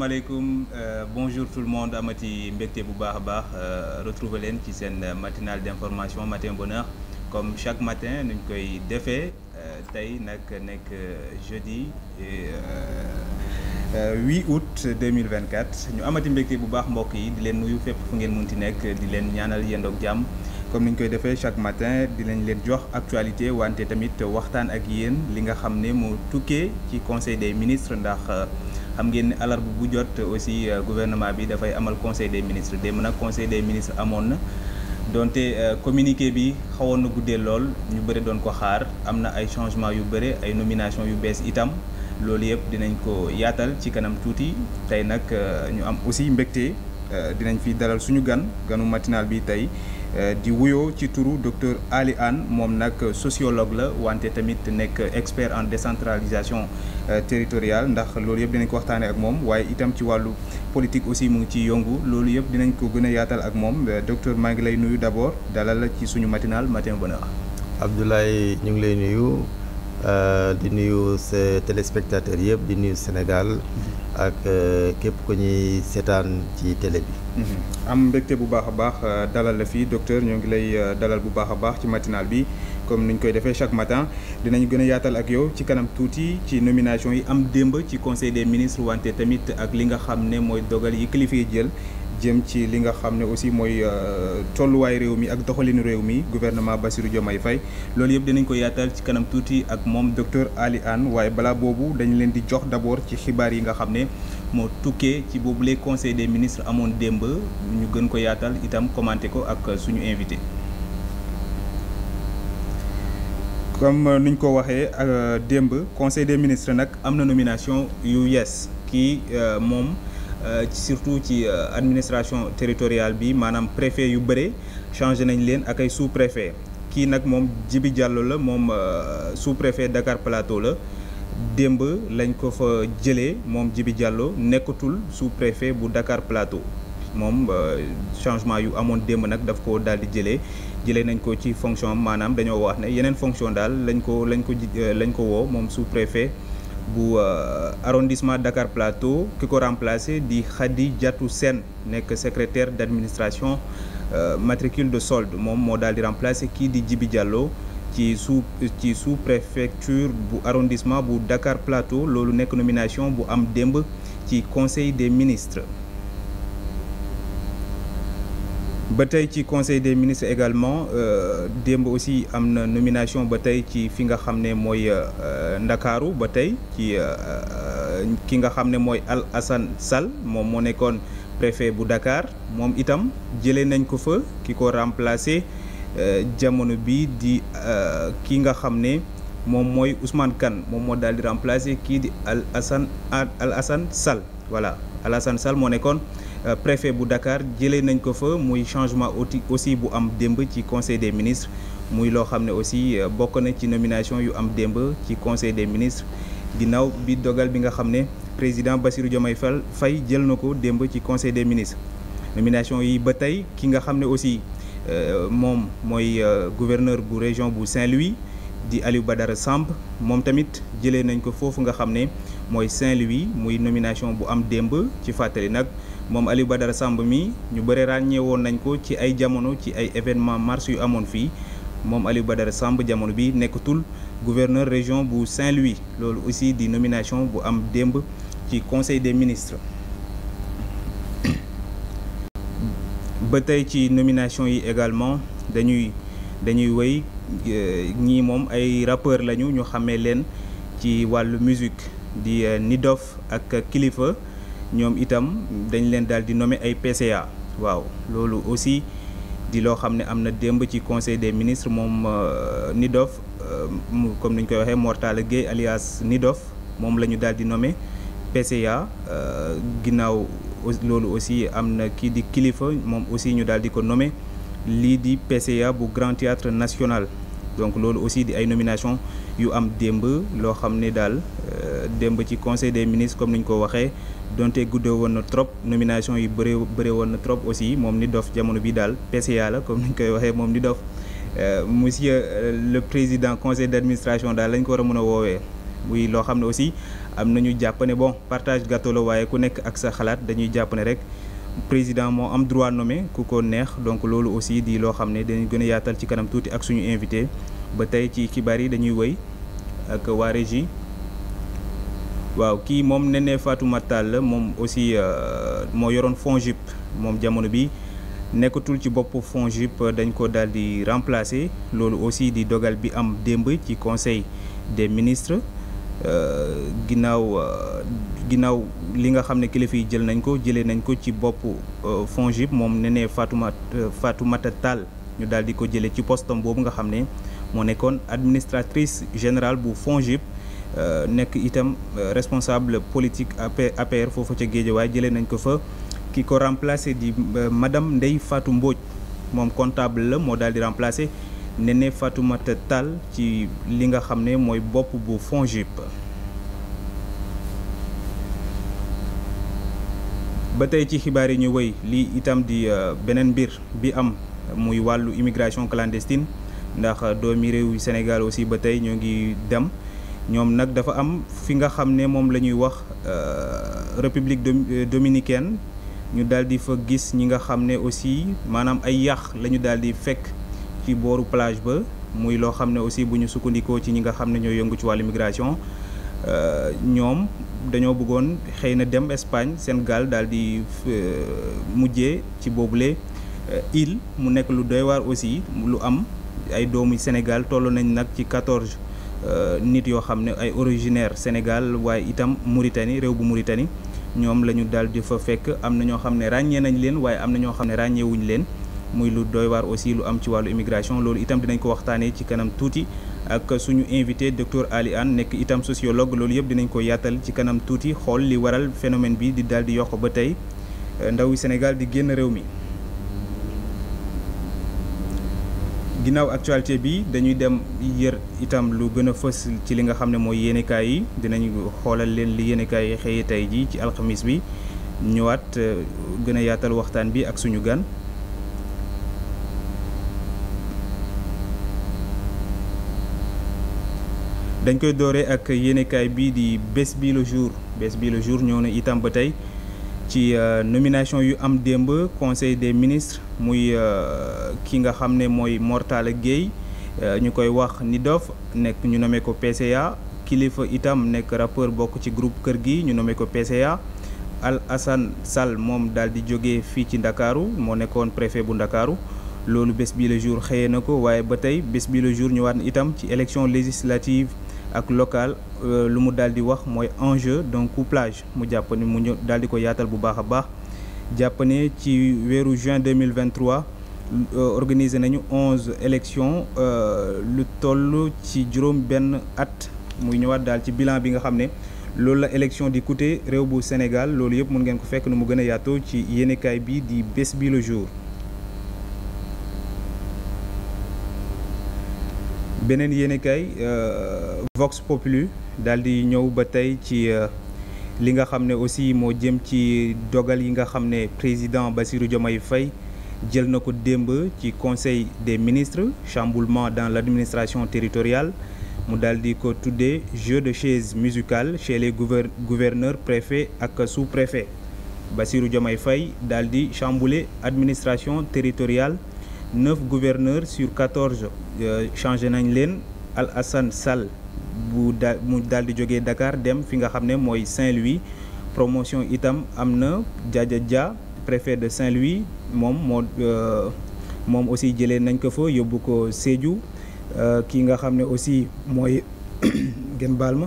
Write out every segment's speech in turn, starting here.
asalaamaaleykum euh, bonjour tout le monde amati mbekkee bu baax a baax euh, retrouver leen ci seen matinale d'information matin bonheur comme chaque matin nuñ koy defee euh, tey nag nekk jeudi 8 août 2024 ñu amati mbégte bu baax mbokk yi di leen nuyu fépp fu ngeen munti nekk di leen ñaanal yendoog jàmm comme ni ñu koy defee chaque matin dinañ leen jox actualité wante tamit waxtaan ak yéen li nga xam ne moo tukkee ci conseil des ministres ndax xam ngeen ne alarba bu jot aussi euh, gouvernement bi dafay amal conseil des ministres démb nag conseil de ministres amoon na donte euh, communiqué bi xawoon na guddee lool ñu bëri doon ko xaar am na ay changement yu bëri ay nomination yu bees itam loolu yëpp dinañ ko yaatal ci kanam tuuti tey nag euh, ñu am aussi mbégte dinañ fi daral suñu gan ganu matinal bi tey Euh, di wuyoo ci turu docteur Ali Anne moom nag sociologue la wante tamit nekk expert en décentralisation euh, territoriale ndax loolu yëpp dinañ ko waxtaanee ak moom waaye itam ci wàllu politique aussi mu ngi ciy yongu loolu yëpp dinañ ko gën a yaatal ak moom euh, docteur maa ngi lay nuyu d'abord dalal la ci suñu matinal matin a Abdoulaye ñu ngi lay nuyu. Euh, di nuyu sa téléspectateur yëpp di nuyu Sénégal ak euh, képp ko ñuy seetaan ci télé bi. Mm-hmm. am mbégte bu baax a baax euh, dalal la fii docteur ñoo ngi lay dalal bu baax a baax ci matinal bi comme ni ñu koy defee chaque matin dinañu gën a yaatal ak yow ci kanam tuuti ci nomination yi am démb ci conseil des ministres wante tamit ak li nga xam ne mooy dogal yi kilifa yi jël. jëm ci li nga xam ne aussi mooy euh, tolluwaay réew mi ak doxalinu réew mi basiru Bassirou Diomaye fay loolu yëpp dinañ ko yaatal ci kanam tuuti ak moom docteur Ali ann waaye balaa boobu dañu leen di jox d'abord ci xibaar yi nga xam ne moo tukkee ci boobu les conseil des ministre amoon démb ñu gën ko yaatal itam commenté ko ak suñu invité comme nuñ ko waxee euh, démb conseil des ministres nag am na nomination yu yees kii euh, moom Euh, surtout ci euh, administration territoriale bi maanaam préfet yu bëre changé nañ leen ak ay sous préfet kii nag moom jibi Diallo la moom euh, sous préfet Dakar Plateau la démb lañ ko fa jëlee moom Djibi Diallo nekkatul sous préfet bu Dakar Plateau moom changement yu amoon démb nag daf ko daal di jëlee jëlee nañ ko ci fonction maanaam dañoo wax ne yeneen fonction daal lañ ko lañ ko lañ ko woo moom sous préfet bu euh, arrondissement Dakar Plateau ki ko remplacé di Khady jatu seen nekk secrétaire d'administration euh, matricule de solde moom moo daal di remplacé kii di Djibi Diallo ci sous ci sous préfecture bu arrondissement bu Dakar Plateau loolu nekk nomination bu am démb ci conseil des ministres ba tey ci conseil des ministres également euh, démb aussi am na nomination ba tey ci fi nga xam ne mooy euh, euh, ndakaaru ba tey ci ki nga xam ne mooy Al Hassan Sall moom moo nekkoon préfet bu Dakar moom itam jëlee nañ ko fa ki ko remplacer jamono bi di ki nga xam ne moom mooy Ousmane Kane moom moo daal di remplacer kii di Al Hassan Al Hassan Sall voilà Al Hassan Sall moo nekkoon. Euh, préfet bu Dakar jëlee nañ ko fa muy changement aussi bu am démb ci conseil des ministres muy loo xam ne aussi euh, bokk na ci nomination yu am démb ci conseil des ministres ginnaaw bi dogal bi nga xam ne président Bassirou Diomaye Fall Faye jël na ko démb ci conseil des ministres nomination yi ba tey ki nga xam ne aussi euh, moom mooy gouverneur bu région bu Saint-Louis di ba dara Samb moom tamit jëlee nañ ko foofu nga xam ne mooy Saint-Louis muy nomination bu am démb ci fàttali nag moom Aliou Badara Samb mi ñu bëri ràññee woon nañ ko ci ay jamono ci ay événement mars yu amoon fii moom Aliou Badara Samb jamono bi nekkatul gouverneur région bu Saint-Louis loolu aussi di nomination bu am démb ci conseil des ministres ba tey ci nomination yi également dañuy dañuy wéy euh, ñii moom ay rappeur lañu ñu xamee leen ci wàllu musique di euh, Nidof ak kilifa ñoom itam dañ leen daal di nome ay PCA waaw loolu aussi di loo xam ne am na démb ci conseil des ministres moom euh, Nidof euh, comme ni ñu koy waxee Mortala Gueye alias Nidof moom la ñu daal di nommer PCA euh, ginnaaw loolu aussi am na kii di kilifa moom aussi ñu daal di ko nome lii di PCA bu Grand Théâtre National donc loolu aussi di ay nomination yu am démb loo xam ne daal démb ci conseil des ministres comme ni ñu ko waxee donte guddee woon na trop nomination yi bëree bëree woon na trop aussi moom ni dof jamono bii daal PCA la comme ni ñu koy waxee moom ni dof euh, monsieur euh, le président conseil d'administration daal lañ ko war a mën a woowee muy loo xam ne aussi am nañu jàpp ne bon partage gâteau waaye ku nekk ak sa xalaat dañuy jàpp ne rek président moo am droit nommé ku ko neex donc loolu aussi di loo xam ne dañu gën a yaatal ci kanam tuuti ak suñu invité ba tey ci xibaar yi dañuy wëy ak waa régie waaw kii moom Néné Fatoumata Tall la moom aussi euh, moo yoroon FONGIP moom jamono bi nekkatul ci bopp FONGIP dañ ko daal di remplacer loolu aussi di dogal bi am démb ci conseil des ministres euh, ginnaaw euh, ginnaaw li nga xam ne kilifa yi jël nañ ko jëlee nañ ko ci bopp FONGIP moom Néné Fatoumata Fatoumata Tall ñu daal di ko jëlee ci postam boobu nga xam ne moo nekkoon administratrice général bu FONGIP Euh, nekk itam euh, responsable politique APR foofu ca Géejawaay jëlee nañ ko fa ki ko remplacé di euh, madame ndey faatu mbooj moom comptable la moo daal di remplacé Néné Fatoumata Tall ci li nga xam ne mooy bopp bu FONGIP ba tey ci xibaar yi ñu wéy lii itam di beneen mbir bi am muy wàllu immigration clandestine ndax doomi réew Sénégal aussi ba tey ñoo ngi dem ñoom nag dafa am fi nga xam ne moom la ñuy wax euh, république euh, dominicaine ñu daal di fa gis ñi nga xam ne aussi maanaam ay yàq la ñu daal di fekk ci booru plage ba muy loo xam ne aussi bu ñu sukkandikoo ci ñi nga xam ne ñoo yëngu ci wàllu migration euh, ñoom dañoo bëggoon xëy na dem Espagne seen gaal daal di mujjee ci boobule île mu nekk lu doy aussi lu am ay doomu Sénégal toll nañ nag ci 14. Euh, nit yoo xam ne ay originaire Sénégal waaye itam Mauritanie réew bu Mauritanie ñoom la ñu daal di fa fekk am na ñoo xam ne ràññee nañ leen waaye am na ñoo xam ne ràññeewuñ leen muy lu doy waar aussi lu am ci wàllu immigration loolu itam dinañ ko waxtaanee ci kanam tuuti ak suñu invité docteur Ali Anne nekk itam sociologue loolu yëpp dinañ ko yaatal ci kanam tuuti xool li waral phénomène bi di daal di yokk ba tey euh, ndawi Sénégal di génn réew mi. ginnaaw actualité bi dañuy dem yër itam lu gën a fës ci li nga xam ne mooy yéenekaay yi dinañu xoolal leen li yéenekaay yi xëye tey ji ci alxamis bi ñëwaat euh, gën a yaatal waxtaan bi ak suñu gan dañ koy dooree ak yéenekaay bii di bés bi le jour bés bi le jour ñëw na itam ba tey ci euh, nomination yu am démb conseil des ministres muy euh, ki nga xam ne mooy Mortala Gueye euh, ñu koy wax ni dof nekk ñu nommé ko PCA kilifa itam nekk rappeur bokk ci groupe kër gi ñu nommé ko PCA Al Hassan Sall moom daal di jógee fii ci Ndakaaru moo nekkoon préfet bu Ndakaaru loolu bés bi le jour xëyee na ko waaye ba tey bés bi le jour ñëwaat na itam ci élection législative ak local euh, lu mu daal di wax mooy enjeu donc couplage mu jàpp ne mu daal di ko yaatal bu baax a baax jàpp ne ci weeru juin 2023 euh, organisé nañu onze élections euh, lu toll ci juróom benn at muy ñëwaat daal ci bilan bi nga xam ne loolu la élection di coûté réew bu Sénégal loolu yëpp mun ngeen ko fekk nu mu gën a yaatoo ci yéenekaay bi di bés bi le jour beneen yéenekaay euh, Vox Populi daal di ñëw ba tey ci euh, li nga xam ne aussi moo jëm ci dogal yi nga xam ne président Bassirou Diomaye Faye jël na ko démb ci conseil des ministres chamboulement dans l'administration territoriale mu daal di ko tuddee jeu de chaise musicale chez les gouverneurs préfets ak sous-préfets Bassirou Diomaye Faye daal di chambouler administration territoriale neuf gouverneurs sur quatorze euh, changé nañ leen Al Hassan Sall bu daal mu daal di jógee Dakar dem fi nga xam ne mooy Saint-Louis promotion itam am na Diadia Dia préfet de Saint-Louis moom moo euh, moom aussi jëlee nañ ko fa yóbbu ko Sédhiou euh, ki nga xam ne aussi mooy ngeen baal ma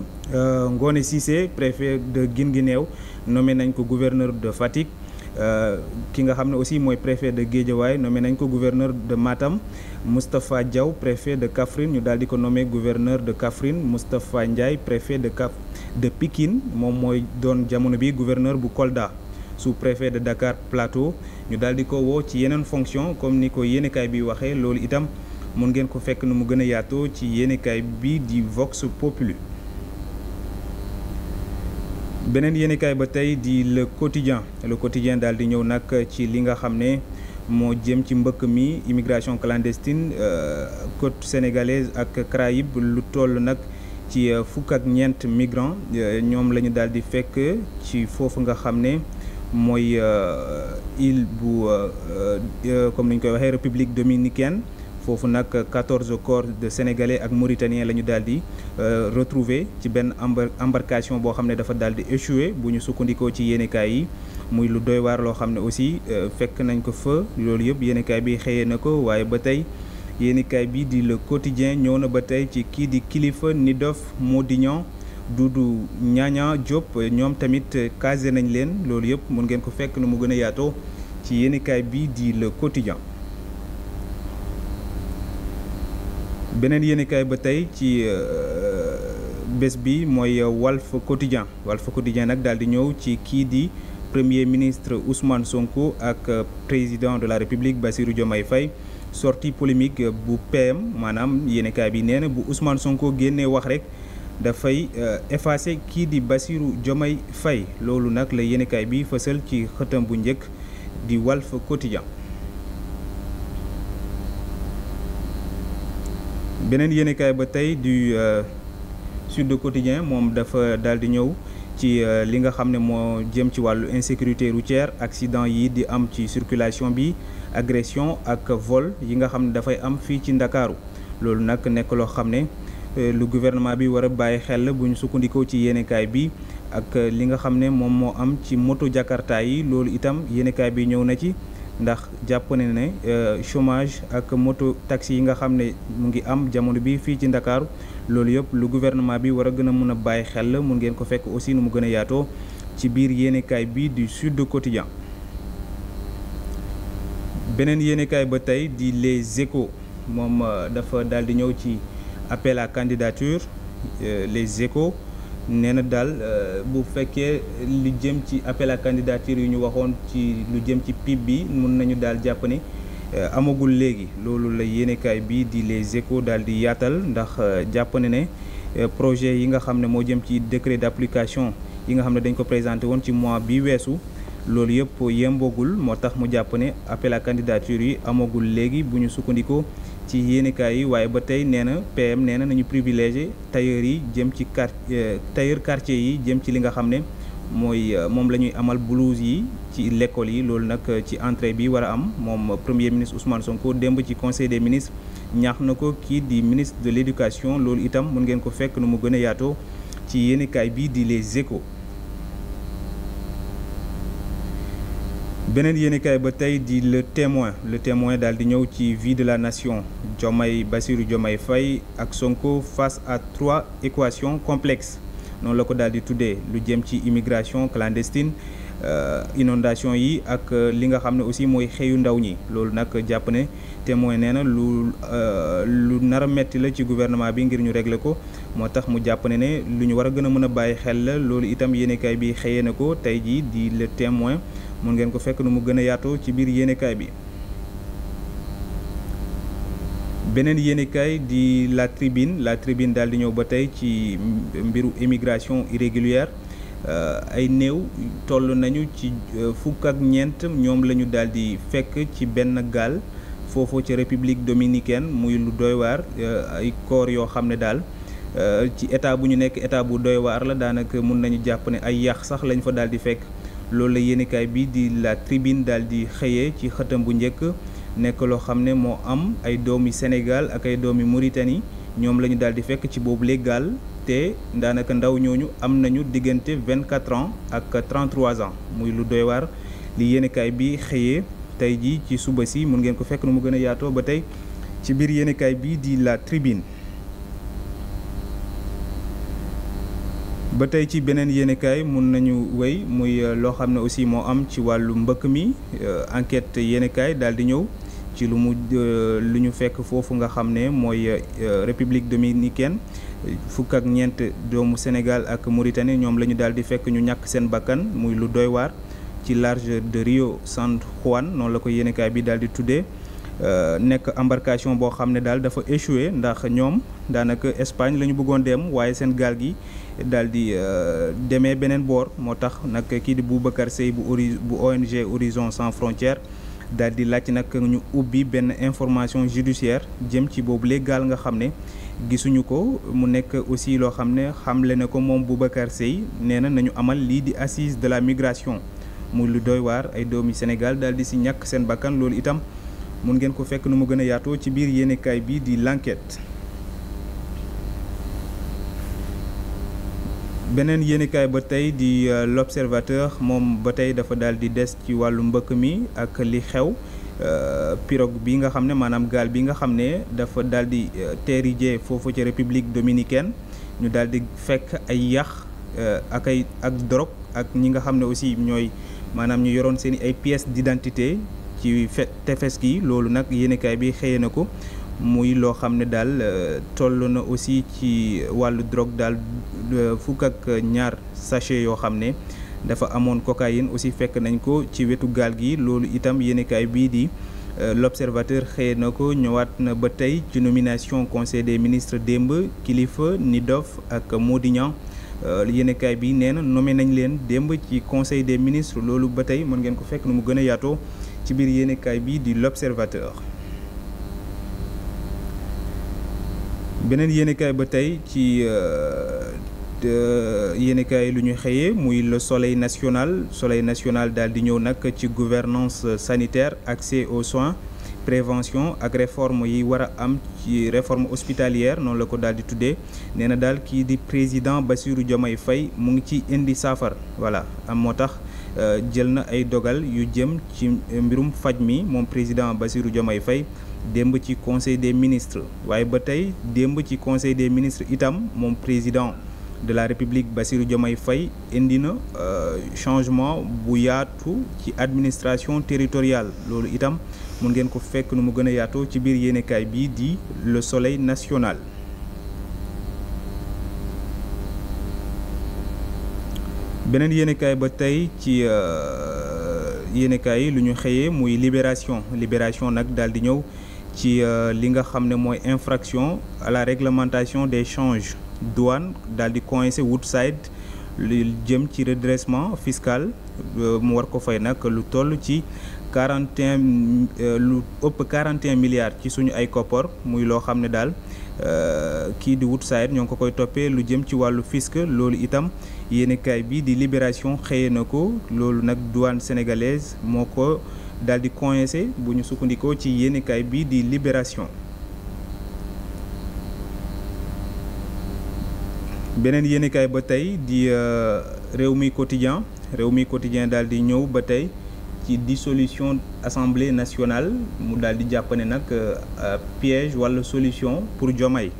ngoone Cissé préfet de Guinguinéo nommé nañ ko gouverneur de Fatick Euh, ki nga xam ne aussi mooy préfet de Guédiawaye nommé nañ ko gouverneur de Matam Moustapha Diaw préfet de Kaffrine ñu daal di ko nommé gouverneur de Kaffrine Moustapha Ndiaye préfet de Cap de Pikine moom mooy doon jamono bi gouverneur bu Kolda sous-préfet de Dakar Plateau ñu daal di ko woo ci yeneen fonction comme ni ko yéenekaay bi waxee loolu itam mun ngeen ko fekk nu mu gën a yaatoo ci yéenekaay bi di Vox Populi beneen yéenekaay ba tey di le quotidien le quotidien daal di ñëw nag ci li nga xam ne moo jëm ci mbëkk mi immigration clandestine euh, côte sénégalaise ak Caraïbes lu toll nag ci euh, fukk ak ñeent migrants euh, ñoom lañu ñu daal di fekk ci foofu nga xam ne mooy île bu comme ni ñu koy waxee république dominicaine foofu nag quatorze corps de sénégalais ak mauritaniens la ñu daal di euh, retrouver ci benn embarcation boo xam ne dafa daal di échoué bu ñu sukkandikoo ci yéenekaay yi muy lu doy waar loo xam ne aussi euh, fekk nañ ko fa loolu yëpp yéenekaay bi xëyee na ko waaye ba tey yéenekaay bi di le quotidien ñëw na ba tey ci kii di kilifa Nidof Modignan Doudou Ñaña Diop ñoom tamit casé nañ leen loolu yëpp mun ngeen ko fekk nu mu gën a yaatoo ci yéenekaay bi di le quotidien beneen yéenekaay ba tey ci euh, bés bi mooy euh, Walf Quotidien Walf Quotidien nag daal di ñëw ci kii di premier ministre Ousmane Sonko ak euh, président de la République Bassirou Diomaye Faye sorti polémique bu PM maanaam yéenekaay bi nee na bu Ousmane Sonko génnee wax rek dafay effacer kii di Bassirou Diomaye Faye loolu nag la yéenekaay bi fësal ci xëtam bu njëkk di Walf Quotidien beneen yéenekaay ba tey du euh, Sud Quotidien moom dafa daal di ñëw ci euh, li nga xam ne moo jëm ci wàllu insécurité routière accident yi di am ci circulation bi agression ak vol yi nga xam ne dafay am fii ci Ndakaaru loolu nag nekk loo xam ne euh, lu gouvernement bi war a bàyyi xel bu ñu sukkandikoo ci yéenekaay bi ak li nga xam ne moom moo am ci moto Jakarta yi loolu itam yéenekaay bi ñëw na ci ndax jàpp ne ne euh, chômage ak moto taxi yi nga xam ne mu ngi am jamono bi fii ci Ndakaaru loolu yëpp lu gouvernement bi war a gën a mën a bàyyi xel mun ngeen ko fekk aussi nu mu gën a yaatoo ci biir yéenekaay bi du Sud Quotidien beneen yéenekaay ba tey di Les Échos moom euh, dafa dal di ñëw ci appel à candidature euh, Les Échos nee na daal euh, bu fekkee lu jëm ci appel à yu ñu waxoon ci lu jëm ci PIB bi mun nañu daal jàpp ni euh, amagul léegi loolu la yéenekaay bi di Les Échos daal di yaatal ndax euh, jàpp ne ne projet yi nga xam ne moo jëm ci décret d'application yi nga xam ne dañ ko présenté woon ci mois bi weesu loolu yëpp yemboogul moo tax mu jàpp ne appel à yi amagul léegi bu ñu sukkandikoo ci yéenekaay yi waaye ba tey neena na PM nee na nañu privilégié tailleur yi jëm ci quart euh, tailleur quartier yi jëm ci li nga xam ne mooy euh, moom la ñuy amal blouse yi ci lekkool yi loolu nag euh, ci entrée bi war a am moom premier ministre Ousmane Sonko démb ci conseil des ministres ñax na ko kii di ministre de l'éducation loolu itam mun ngeen ko fekk nu mu gën a yaatoo ci yéenekaay bi di les échos beneen yéenekaay ba tey di le témoin le témoin daal di ñëw ci vie de la nation Diomaye Bassirou jommay Faye ak Sonko face à trois équations complexes noonu la ko daal di tuddee lu jëm ci immigration clandestine euh, inondation yi ak euh, li nga xam ne aussi mooy xëyu ndaw ñi loolu nag jàpp ne témoin nee na lu euh, lu nar metti la ci gouvernement bi ngir ñu régler ko moo tax mu jàpp ne ne lu ñu war a gën a mën a bàyyi xel la loolu itam yéenekaay bi xëyee na ko tey jii di le témoin mun ngeen ko fekk nu mu gën a yaatoo ci biir yéenekaay bi beneen yéenekaay di la tribune la tribune daal di ñëw ba tey ci mbiru immigration irrégulière euh, ay néew toll nañu ci euh, fukk ak ñeent ñoom lañu ñu daal di fekk ci benn gaal foofoo ci république dominicaine muy lu doywaar waar euh, ay corps yoo xam ne daal ci état bu ñu nekk état bu doy la daanaka mun nañu jàpp ne ay yàq sax lañu fa daal di fekk. loolu la yéenekaay bi di la tribune daal di xëyee ci xëtam bu njëkk nekk loo xam ne moo am ay doomi Sénégal ak ay doomi Mauritanie ñoom la ñu daal di fekk ci boobu légal te daanaka ndaw ñooñu am nañu diggante 24 ans ak 33 ans muy lu doy li yéenekaay bi xëyee tey jii ci suba si mun ngeen ko fekk nu mu gën a yaatoo ba tey ci biir yéenekaay bi di la tribune ba tey ci beneen yéenekaay mun nañu wéy muy euh, loo xam ne aussi moo am ci wàllu mbëkk mi euh, enquête yéenekaay daal di ñëw ci lu mu euh, lu ñu fekk foofu nga xam ne mooy république dominicaine fukk ak ñeent doomu Sénégal ak Mauritanie ñoom la ñu daal di fekk ñu ñàkk seen bàkkan muy lu doy waar ci large de Rio San Juan noonu la ko yéenekaay bi daal di tuddee nekk embarcation boo xam ne daal dafa échoué ndax ñoom daanaka Espagne la ñu bëggoon dem waaye seen gaal gi daal di euh, demee beneen boor moo tax nag kii di Boubacar Seye bu ori bu ONG Horizon Sans Frontières daal di laaj nag ñu ubbi benn information judiciaire jëm ci boobu le gaal nga xam ne gisuñu ko mu nekk aussi loo xam ne xamle ne ko moom Boubacar Seye nee na nañu amal lii di assise de la migration mu lu dooy waar ay doomi Sénégal daal di si ñàkk seen bakkan loolu itam mun ngeen ko fekk nu mu gën a yaatoo ci biir yéenekaay bi di l'enquête beneen yéenekaay ba tey di euh, l'observateur moom ba tey dafa daal di des ci wàllu mbëkk mi ak li xew euh, pirogue bi nga xam ne maanaam gaal bi nga xam ne dafa daal di euh, teeri jee foofu ci république dominicaine ñu daal di fekk ay yax ak ay ak drogue ak ñi nga xam ne aussi ñooy maanaam ñu yoroon seen i ay pièces d'identité ci tefes gi loolu nag yéenekaay bi xëyee na ko muy loo xam ne daal euh, toll na aussi ci wàllu drogue daal euh, fukk ak ñaar sachet yoo xam ne dafa amoon cocaïne aussi fekk nañ ko ci wetu gaal gi loolu itam yéenekaay bii di euh, l'observateur xëy na ko ñëwaat na ba tey ci nomination conseil des ministres démb kilifa ni dof ak Modignan yéenekaay bi nee na nommé nañ leen démb ci conseil des ministres loolu ba tey mën ngeen ko fekk nu mu gën a yaatoo ci biir yéenekaay bi di l'observateur beneen yéenekaay ba tey ci euh, yéenekaay lu ñu xëyee muy le soleil national soleil national daal di ñëw nag ci gouvernance sanitaire accès au soins prévention ak réforme yi war a am ci réforme hospitalière noonu la ko daal di tuddee nee na daal kii di président Bassirou Diomaye Faye mu ngi ci indi saafara voilà am moo tax euh, jël na ay dogal yu jëm ci mbirum faj mi moom président Bassirou Diomaye Faye démb ci conseil des ministres waaye ba tey démb ci conseil des ministres itam moom président de la république Bassirou Diomaye Faye indi na euh, changement bu yaatu ci administration territoriale loolu itam mun ngeen ko fekk nu mu gën a yaatoo ci biir yéenekaay bii di le soleil national. beneen yéenekaay ba tey ci euh, yéenekaay yi lu ñu xëyee muy libération libération nag daal di ñëw. ci euh, li nga xam ne mooy infraction à la réglementation des changes douane daal di coincé Woodside lu jëm ci redressement fiscal euh, mu war ko fay nag lu toll ci quarante euh, lu ëpp quarante et milliards ci suñu ay koppor muy loo xam ne daal kii di Woodside ñoo ngi ko koy toppee lu jëm ci wàllu fisc loolu itam yéenekaay bi di Libération xëye na ko loolu nag douane sénégalaise moo ko. daal di coincé bu ñu sukkandikoo ci yéenekaay bii di Libération beneen yéenekaay ba tey di euh, réew mi quotidien réew mi quotidien daal di ñëw ba tey ci di solution assemblée nationale mu daal di jàpp ne nag euh, piège wala solution pour jommay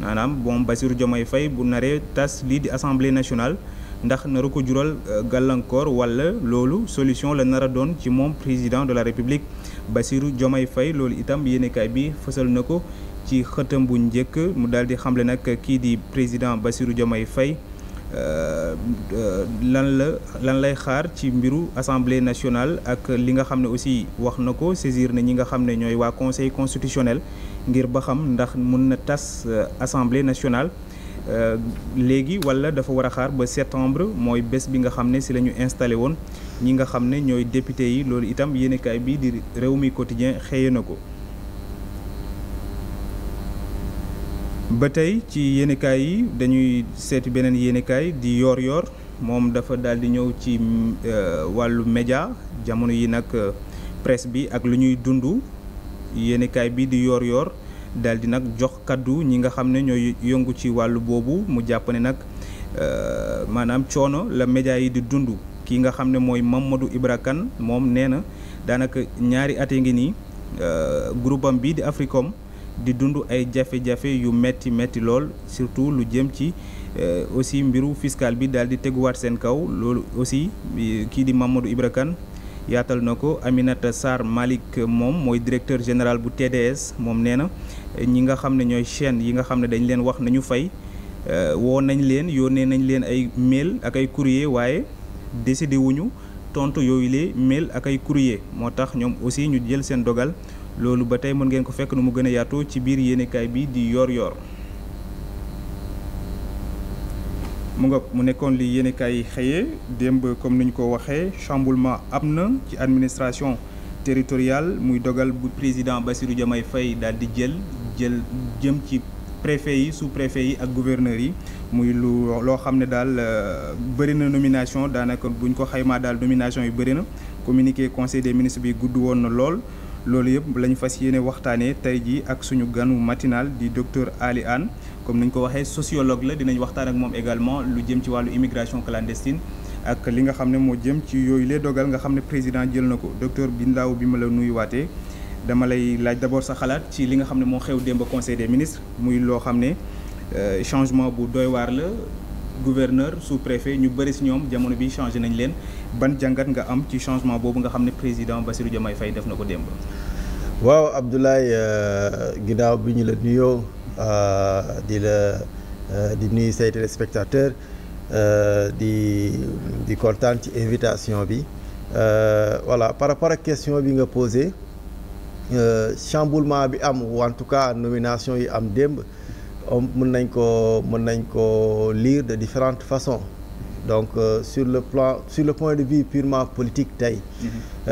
maanaam bon Bassirou Diomaye Faye bu naree tas lii di assemblée nationale ndax naru ko jural euh, gàllankoor wala loolu solution la nar a doon ci moom président de la république Bassirou Diomaye fay loolu itam yéenekaay bi fësal na ko ci xëtam bu njëkk mu daal di xamle nag kii di président Bassirou Diomaye Faye euh, euh, lan la lan lay xaar ci mbiru assemblée nationale ak li nga xam ne aussi wax na ko saisir na ñi nga xam ne ñooy waa conseil constitutionnel ngir ba xam ndax mun na tas assemblée nationale Euh, léegi wala dafa war a xaar ba septembre mooy bés bi nga xam ne si lañu ñu installé woon ñi nga xam ne ñooy député yi loolu itam yéenekaay bii di réew mi quotidien xëyee na ko ba tey ci yéenekaay yi dañuy seeti beneen yéenekaay di yoor yoor moom dafa daal di ñëw ci euh, wàllu média jamono yi nag euh, presse bi ak lu ñuy dundu yéenekaay bi di yoor yoor daal di nag jox kaddu ñi nga xam ne ñooy yëngu ci wàllu boobu mu jàpp ne nag euh, maanaam coono la média yi di dund kii nga xam ne mooy Mamadou ibrakan moom nee na daanaka ñaari at ngi ni euh, groupe am bii di Africom di dund ay jafe-jafe yu metti metti lool surtout lu jëm ci euh, aussi mbiru fiscal bi daal di teguwaat seen kaw loolu aussi kii di Mamadou Ibra Kane yaatal na ko Aminata sar Malick moom mooy directeur général bu TDS moom nee na ñi nga xam ne ñooy chaîne yi nga xam ne dañ leen wax nañu fay euh, woo nañ leen yónnee nañ leen ay mail ak ay courrier waaye décidé wuñu tontu yooyu lee mail ak ay courrier moo tax ñoom aussi ñu jël seen dogal loolu ba tey mën ngeen ko fekk nu mu gën a yaatoo ci biir yéenekaay bi di yor yor mu nga mu nekkoon li yéenekaay yi xëyee démb comme ni ko waxee chamboulement am na ci administration territoriale muy dogal bu président Bassirou jamay fay daal di jël jël jëm ci préfet yi sous préfet yi ak gouverneurs yi muy lu loo xam ne daal euh, bëri na nomination daanaka buñ ko xaymaa daal nomination yi bëri na communiqué conseil des ministres bi gudd woon na lool. loolu yëpp la ñu fas yéene waxtaanee tey jii ak suñu ganu matinal di docteur Ali Anne comme ni ñu ko waxee sociologue la dinañ waxtaan ak moom également lu jëm ci wàllu immigration clandestine. ak li nga xam ne moo jëm ci yooyu lee dogal nga xam ne président jël na ko docteur Binlaw bi ma la nuyuwaatee. dama lay laaj d'abord sa xalaat ci li nga xam ne moo xew démb conseil des ministres muy loo xam ne euh, changement bu doy waar la gouverneur sous-préfet ñu bëri si ñoom jamono bi changé nañ leen ban jàngat nga am ci changement boobu nga xam ne président ba Bassirou Diomaye fay def na ko démb. waaw Abdoulaye euh, ginnaaw bi ñu la nuyoo euh, di la di nuyu say téléspectateurs di di kontaan ci invitation bi voilà par rapport ak question bi nga posé Euh, chamboulement bi am ou en tout cas nomination yi am démb mën nañ ko mën nañ ko lire de différentes façons donc euh, sur le plan sur le point de vue purement politique tey mm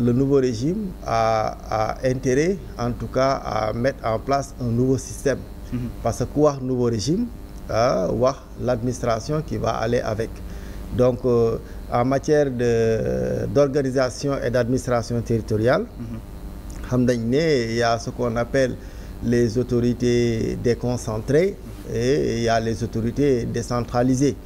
le nouveau régime à a intérêt en tout cas à mettre en place un nouveau système mhm. parce que ku wax nouveau régime euh, wax l'administration qui va aller avec donc en matière de d'organisation et d'administration territoriale mhm. xam nañ ne y a ce qu'on les autorités déconcentrées et il y les autorités décentralisées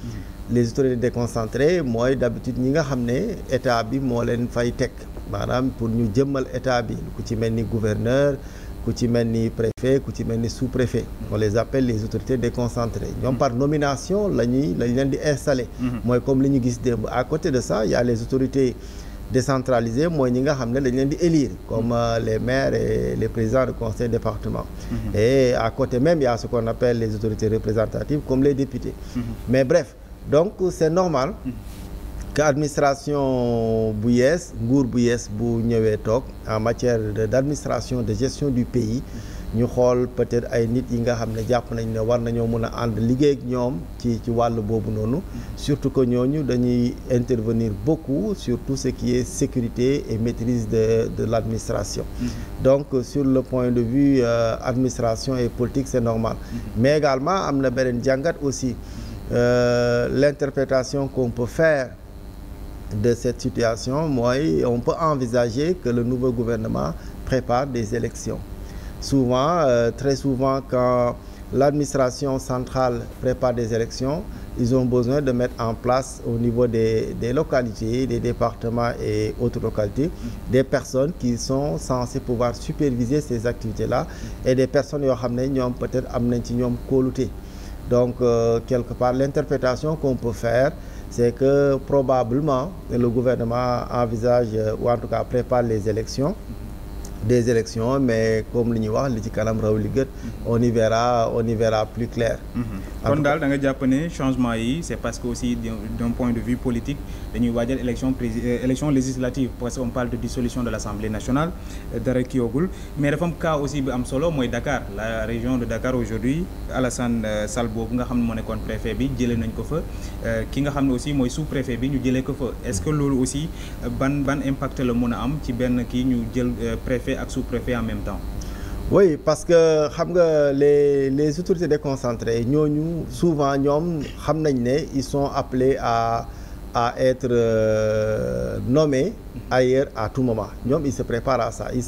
les autorités déconcentrées mooy d'habitude ñi nga xam ne état bi moo leen fay teg maanaam pour ñu jëmmal état bi ku ci mel ni gouverneur ku ci mel ni préfet ku ci mel ni sous-préfet on les appelle les autorités déconcentrées ñoom par nomination la ñuy lañ leen di installé mhm. mooy comme li ñu gis démb à côté de ça il y a les autorités décentralisé mooy ñi nga xam ne dañ leen di élire comme mm-hmm. euh, les maires et les présidents de conseil département mm-hmm. et à côté même il y a ce qu'on appelle les autorités représentatives comme les députés mm-hmm. mais bref donc c'est normal que administration bu yees nguur bu yees bu ñëwee toog en matière d'administration de gestion du pays ñu xool peut-être ay nit yi nga xam ne jàpp nañ ne war nañoo mën a ànd liggéey ak ñoom ci ci wàll boobu noonu surtout que ñooñu dañuy intervenir beaucoup sur tout ce qui est sécurité et maîtrise de de l'administration mm-hmm. donc sur le point de vue euh, administration et politique c'est normal mm-hmm. mais également am na beneen jàngat aussi euh, l'interprétation qu'on peut faire de cette situation mooy on peut envisager que le nouveau gouvernement prépare des élections souvent, euh, très souvent, quand l'administration centrale prépare des élections, ils ont besoin de mettre en place au niveau des, des localités, des départements et autres localités, des personnes qui sont censées pouvoir superviser ces activités-là et des personnes qui ont peut-être amené Donc, euh, quelque part, l'interprétation qu'on peut faire, c'est que probablement le gouvernement envisage, euh, ou en tout cas prépare les élections des élections mais comme li ñuy wax li ci kanam raw li gët mhm. on y verra plus clair. Mhm. kon daal da nga changement yi c'est parce que aussi d'un point de vue politique dañuy waajal élection prési euh, élection législative parce qu'on parle de dissolution de l'Assemblée nationale euh, dara kiyoogul mais dafa am aussi bi am solo mooy Dakar la région de Dakar aujourd'hui Alassane euh, Sall boobu nga xam ne moo nekkoon préfet bi jëlee nañ ko fa ki nga préfet ak sous préfet en même temps. oui parce que xam nga les les autorités déconcentrées ñooñu souvent ñoom xam nañ ne ils sont appelés à à être euh, nommés mm-hmm. ailleurs à tout moment ñoom ils se préparent à ça ils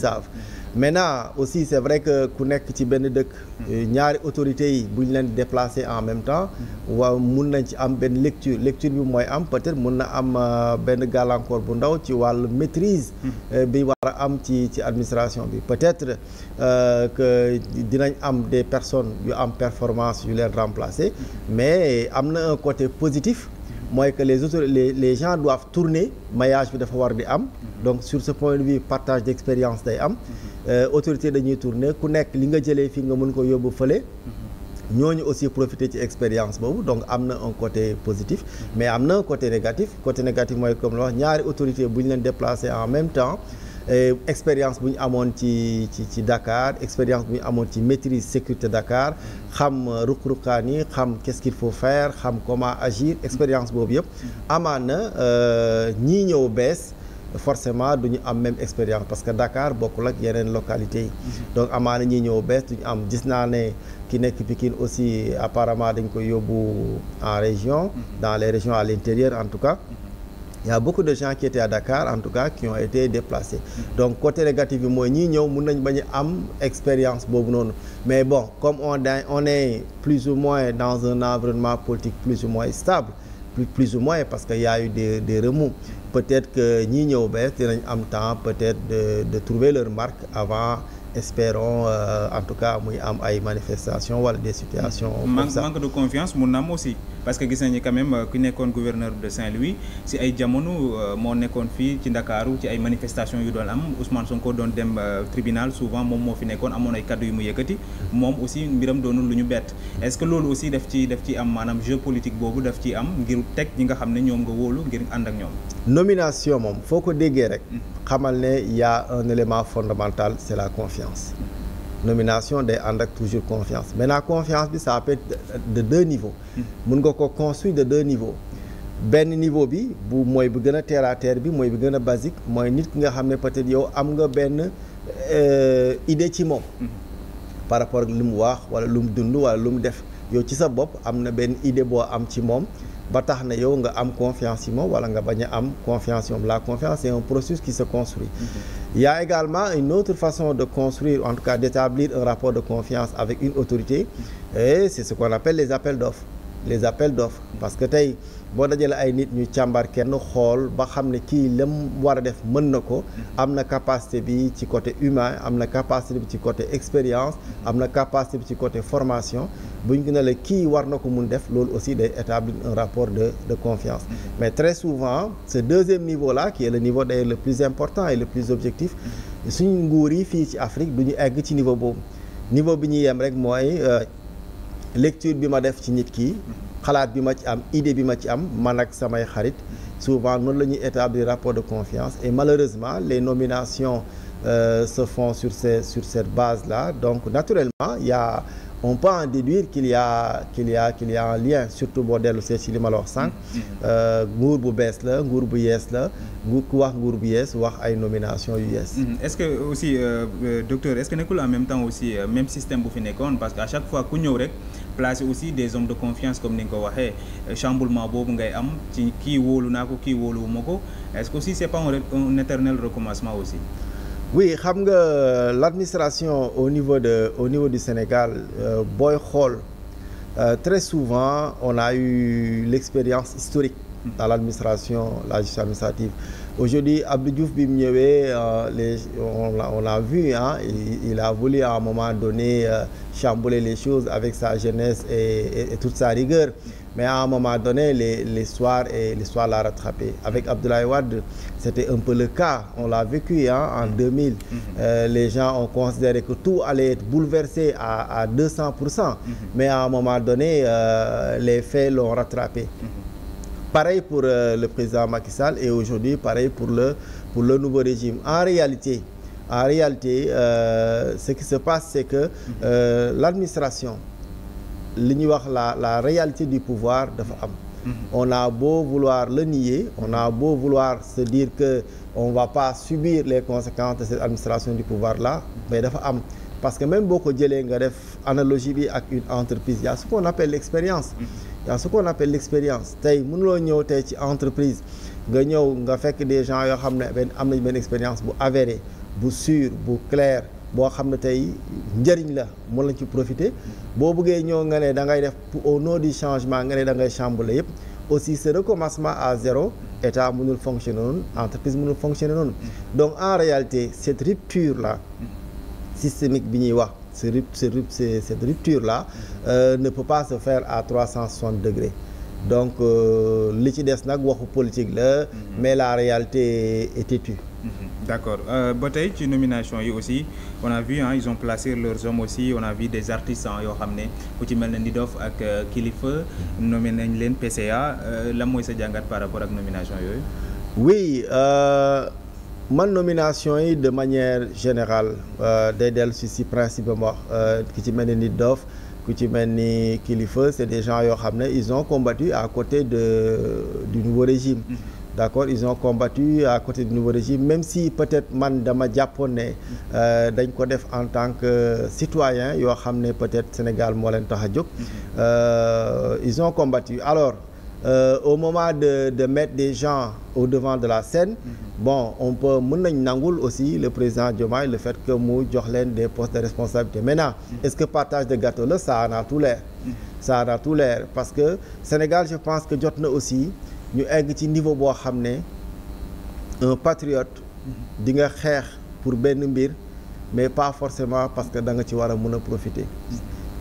maintenant aussi c'est vrai que ku nekk ci benn dëkk hmm. ñaari autorités yi bu ñu leen déplacé en même temps hmm. waaw mun nañ ci am benn lecture lecture bi mooy am peut-être mun na am euh, benn gàllankoor bu ndaw ci wàllu maîtrise hmm. euh, bi war a am ci ci administration bi peut-être euh, dinañ am des personnes yu am performance yu leen remplacer mais am na un côté positif mooy que les autorités les les gens doivent tourner bi dafa war di am. donc sur ce point de vue partage d' day am. Euh, autorité dañuy tourner ku nekk li nga jëlee fii nga mën ko yóbbu fële. ñoo ñu aussi profité ci expérience boobu donc am na un côté positif. mais am na un côté négatif côté négatif mooy comme la wax ñaari autorité bu ñu leen déplacé en même temps. Euh, expérience bu ñu amoon ci ci ci Dakar expérience bu ñu amoon ci maîtrise sécurité Dakar xam ruq-ruqaan yi xam qu'est-ce qu'il faut faire xam comment agir expérience boobu yëpp amaana euh, ñii ñëw bees forcément duñu am même expérience parce que Dakar bokkul ak yeneen localité yi donc na ñi ñëw bees duñu am gis naa ne ki nekk Pikine aussi apparemment dañ koy yóbbu en région dans les régions à l'intérieur en tout cas y a beaucoup de gens qui étaient à Dakar en tout cas qui ont été déplacés donc côté négatif bi mooy ñii ñëw mun nañu bañ am expérience boobu noonu mais bon comme on on est plus ou moins dans un environnement politique plus ou moins stable plus plus ou moins parce que yaayu de eu des des peut-être que ñii ñëw bees dinañ am temps peut-être de de trouver leur marque avant espérons euh, en tout cas muy am ay manifestations wala de situation comme manque de confiance mu na aussi parce que gis nañu quand même euh, ku nekkoon gouverneur de Saint-Louis si ay jamono euh, moo nekkoon fii ci Ndakaaru ci ay manifestations yu doon am Ousmane Sonko doon dem euh, tribunal souvent moom moo fi nekkoon amoon ay kaddu yu mu yëkkati. moom aussi mbiram doonul lu ñu bett est-ce que loolu aussi daf ci daf ci am maanaam jeu politique boobu daf ci am ngir teg ñi nga xam ne ñoom nga wóolu ngir ànd ak ñoom. nomination moom ko déggee rek. Mm. xamal ne yaa a un élément fondamental c'est la confiance nomination day ànd ak toujours confiance maintenant confiance bi ça peut être de deux niveaux mun nga ko construire de deux niveaux benn niveau bi bu mooy bu gën a terre à bi mooy bu gën a basique mooy nit ki nga xam ne peut-être yow am nga benn euh, idée ci moom par rapport ak lu mu wax wala lu mu dund wala lu mu def yow ci sa bopp am na benn idée boo am ci moom ba tax na yow nga am confiance yi moom wala nga bañ a am confiance yi moom la confiance c'est un processus qui se construit mhm. il également une autre façon de construire en tout cas d'établir un rapport de confiance avec une autorité et c'est ce qu'on appelle les appels d'offres les appels d'offres parce que tey boo dajale ay nit ñu càmbar kenn xool ba xam ne kii lam war a def mën na ko am na capacité bi ci côté humain am na capacité bi ci côté expérience am na capacité bi ci côté formation buñ ne la kii war na ko mun def loolu aussi day établir un rapport de de confiance mais très souvent ce deuxième niveau là qui est le niveau d'ailleurs le plus important et le plus objectif suñu nguur yi fii ci Afrique du ñu egg ci niveau boobu niveau bi ñu yem rek mooy euh, lecture bi ma def ci nit ki xalaat bi ma ci am idée bi ma ci am man ak samay xarit souvent noonu la ñuy établir rapport de confiance et malheureusement les nominations euh, se font sur sur cette base la donc naturellement y a on peut en déduire qu'il y a qu'il lien surtout boo dellu see ci li ma la wax sànq euh, nguur bu bees la nguur bu yees la nguur ku wax nguur bu yees wax ay nomination yu yees mm-hmm. est-ce que aussi euh, euh, docteur est-ce que nekkul en même temps aussi euh, même système bu fi nekkoon parce que chaque fois ku ñëw rek placer aussi des hommes de confiance comme ni nga ko waxee chamboulement boobu ngay am ci kii wóolu naa ko kii wóoluwu ma ko est-ce que aussi c'est pas un éternel recommencement aussi oui xam nga l'administration au niveau de au niveau du Sénégal euh, booy euh, xool très souvent on a eu l'expérience historique mm. dans l'administration la justice administrative aujourd'hui Abdou Diouf bi mu ñëwee euh, les on l'a on vu il, il a voulu à un moment donné euh, chambouler les choses avec sa jeunesse et, et, et toute sa rigueur mais à un moment donné les l'histoire et l'histoire l'a rattrapé avec Abdoulaye Wade c'était un peu le cas on l'a vécu en 2000 euh, les gens ont considéré que tout allait être bouleversé à à 200 pour cent mhm. mais à un moment donné euh, les faits l'ont rattrapé mhm. Pareil pour euh, le président Macky Sall et aujourd'hui pareil pour le pour le nouveau régime. En réalité, en réalité euh, ce qui se passe c'est que euh, l'administration li ñuy wax la la réalité du pouvoir dafa am. Mhm. On a beau vouloir le nier, on a beau vouloir se dire que on va pas subir les conséquences de cette administration du pouvoir là, mais dafa am. parce que même boo ko jëlee nga def analogie bi ak une entreprise ya a ce qu'on appelle l'expérience. Mhm. yaa ce qu'on appelle l'expérience tey mënuloo ñëw tey ci entreprise nga ñëw nga fekk des gens yoo xam ne benn am nañ benn expérience bu avérée bu sûre bu claire boo xam ne tey njëriñ la mën lañ ci profiter boo bëggee ñëw nga ne da ngay def au nom di changement nga ne da ngay chambouler yëpp aussi ce recommencement à zéro état mënul fonctionner noonu entreprise mënul fonctionner noonu donc en réalité cette rupture la systémique bi ñuy wax cette rupture-là mhm. euh, ne peut pas se faire à 360 degrés. donc euh, li ci des nag waxu politique la. Mhm. mais la réalité est têtue. Mhm. d'accord euh, ba tey ci nomination yi aussi on a vu ah ils ont placé leurs hommes aussi on a vu des artisans yoo xam ne ku ci mel ni Nidof ak euh, kilifa nommé nañ leen PCA lan mooy sa jàngat par rapport ak nomination yooyu. oui. Euh... man nomination yi de manière générale euh, day dellu si si principe wax euh, ki ci mel ni nit doof ku ci mel ni kilifa c'est des gens yoo xam ne ils ont combattu à côté de du nouveau régime mm-hmm. d'accord ils ont combattu à côté du nouveau régime même si peut-être man dama jàppoon ne mm-hmm. euh, dañ ko def en tant que citoyen yoo xam ne peut-être Sénégal moo leen tax a jóg mm-hmm. ils ont combattu alors euh, au moment de de mettre des gens au devant de la scène. Mhm. bon on peut mën nañ nangul aussi le président Diomaye le fait que mu jox leen des postes de responsabilité na mhm. est-ce que partage de gâteau la ça en a tout l'air mhm. ça en parce que Sénégal je pense que jot na aussi ñu egg ci niveau boo xam ne un patriote di nga xeex pour benn mbir mais pas forcément parce que da nga ci war a mën a profiter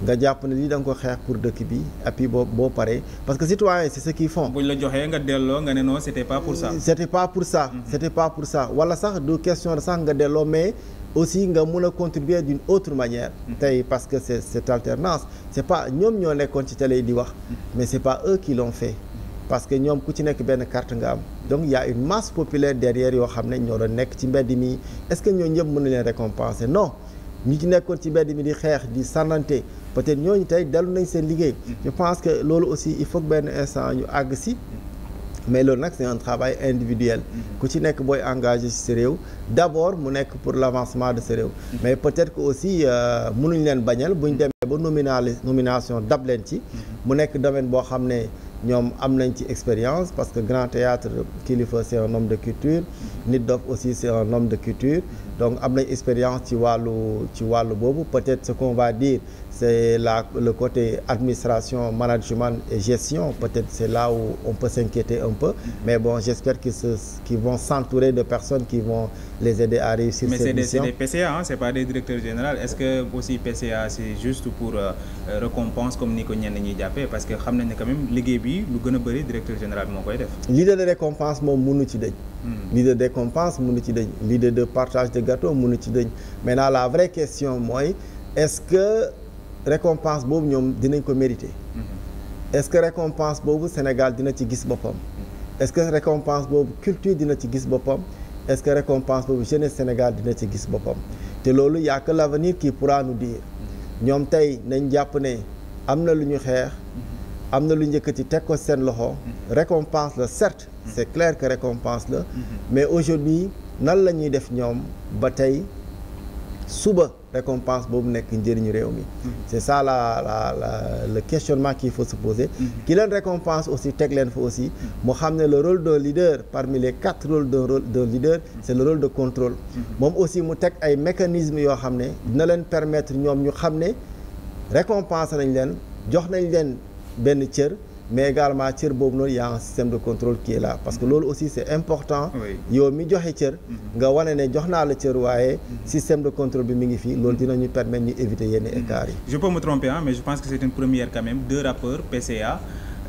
nga jàpp na lii da nga ko xeex pour dëkk bi appui boo boo paree parce que citoyen c'est ce qu'ils font. joxee nga delloo nga ne non c'était pas pour ça. Euh, c'était pas pour ça. Mm-hmm. c'était pas pour ça wala sax du question de sax nga delloo mais. aussi nga mun a contribuer d'une autre manière mm-hmm. tey parce que c'est cette alternance c'est pas ñoom ñoo nekkoon ci télé di wax mm-hmm. mais c'est pas eux qui que ñoom ku ci nekk benn carte nga am donc il y a une masse populaire derrière yoo xam ne ñoo doon nekk ci mbedd mi est-ce que ñoo ñëpp mën na leen récompenser ñu ci nekkoon ci mbedd mi di xeex di sànnante peut-être ñooñu tey dellu nañ seen liggéey je pense que loolu aussi il faut que benn instant ñu àgg si mais loolu nag c'est un travail individuel ku ci nekk booy engagé ci sa réew d'abord mu nekk pour l'avancement de sa réew mais peut-être que aussi euh, mënuñ leen bañal buñ demee ba nominal nomination dab leen ci mu nekk domaine boo xam ne ñoom am nañ ci expérience parce que grand théâtre Kilifeu c'est un homme de culture Nit Doff aussi c'est un homme de culture donc am nañ expérience ci wàllu ci wàllu boobu peut-être ce c'est le côté administration, management et gestion. Peut-être c'est là où on peut s'inquiéter un peu. Mais j'espère qu'ils se, s'entourer de personnes qui vont les aider à réussir Mais c'est des, des, PCA, hein, c'est pas des directeurs généraux. Est-ce que aussi PCA, c'est juste pour euh, récompense comme Nico Nyanani Diapé Parce que quand même, les le directeur général L'idée de récompense, mon hmm. L'idée de récompense, mon L'idée de partage de gâteaux, mon Maintenant, la vraie question, moi, est-ce que récompense boobu ñoom dinañ ko mérité mm-hmm. est-ce que récompense boobu Sénégal dina ci gis boppam mm-hmm. est-ce que récompense boobu culture dina ci gis boppam est-ce que récompense boobu jeunesse Sénégal dina ci gis boppam te loolu y a que l'avenir qui pourra nous mm-hmm. ñoom tey nañ jàpp ne am na lu ñu xeex am na lu njëkkati teg ko seen loxo récompense la certes c'est claire que récompense la mais aujourd'hui nan la ñuy def ñoom ba tey suba récompense boobu nekk njëriñu réew mi mm-hmm. c'est ça la la la le questionnement qu'il faut se poser mm-hmm. ki leen récompense aussi teg leen fa aussi moo mm-hmm. xam ne le rôle d'un leader parmi les quatre rôles d'un rôle d'un leader c'est le rôle de contrôle moom aussi mu teg ay mécanismes yoo xam ne dina leen permettre ñoom ñu xam ne récompense nañ leen jox nañ leen benn cër mais également cër boobu noonu y a un système de contrôle qui est là parce que loolu aussi c'est important yow mi joxe cër mhm. nga wane ne jox naa la cër waaye mhm. système de contrôle bi mi ngi fii mhm. loolu dinañu permettre ñu éviter yenn écarts yi je peux me tromper hein mais je pense que c'est une première quand même deux rappeurs PCA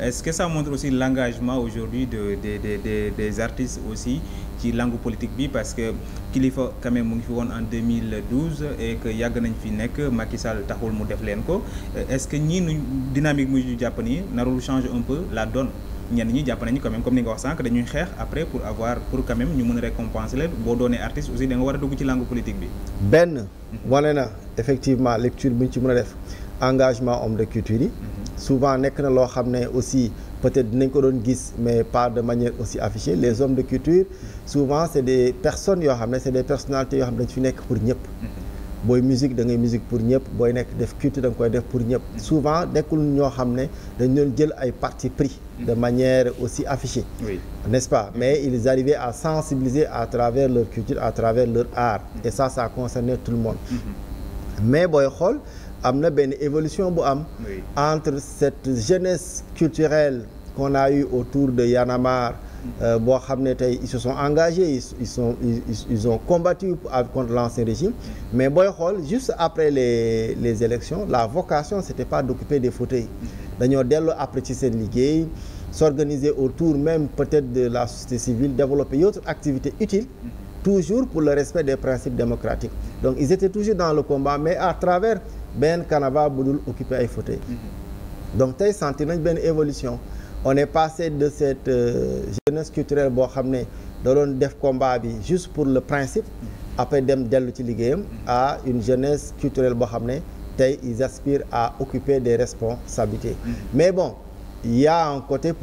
est-ce que ça montre aussi l'engagement aujourd'hui des des des des artistes aussi ci langue politique bi parce que kilifa quand même mu ngi fi woon en 2012 et que yàgg nañ fi nekk Macky Sall taxul mu def leen ko est-ce que ñii nu dynamique mu ñu jàpp ni narul changer un peu la donne ñenn ñi jàpp nañu quand comme ni nga wax sànq dañuy xeex après pour avoir pour quand ñu mën a récompenser leen boo doonee artiste aussi da nga war a dugg ci langue politique bi. benn mhm. wane na effectivement lecture bu ñu ci mën a def engagement homme de culture yi. Mhm. souvent nekk na loo xam ne aussi. peut-être dinañ ko doon gis mais pas de manière aussi affichée les hommes de culture souvent c'est des personnes yoo xam ne c'est des personnalités yoo xam ne dañ fi nekk pour ñëpp booy musique da ngay musique pour ñëpp booy nekk def culture da koy def pour ñëpp souvent nekkul ñoo xam ne dañu doon jël ay parti pris de manière aussi affichée oui. n'est-ce pas mais ils arrivaient à sensibiliser à travers leur culture à travers leur art et ça ça concernait tout mais booy xool am na benn évolution bu am entre cette jeunesse culturelle kon a eu autour de Y'en euh, boo xam ne tey ils se sont engagés ils sont ils, ils ont combattu contre l'ancien régime mais booy xool juste après les les élections la vocation c'était pas d'occuper des fauteuils dañoo dellu après ci seen liggéey s'organiser autour même peut-être de la société civile développer d'autres activités utiles toujours pour le respect des principes démocratiques donc ils étaient toujours dans le combat mais à travers benn canevas bu dul occuper ay fauteuils mm-hmm. donc tey sentir nañ benn évolution on est passé de cette euh, jeunesse culturelle boo xam ne da def combat bi juste pour le principe après dem dellu ci liggéeyam à une jeunesse culturelle boo xam ne tey ils aspirent à occuper des responsabilités mm. mais bon il y a un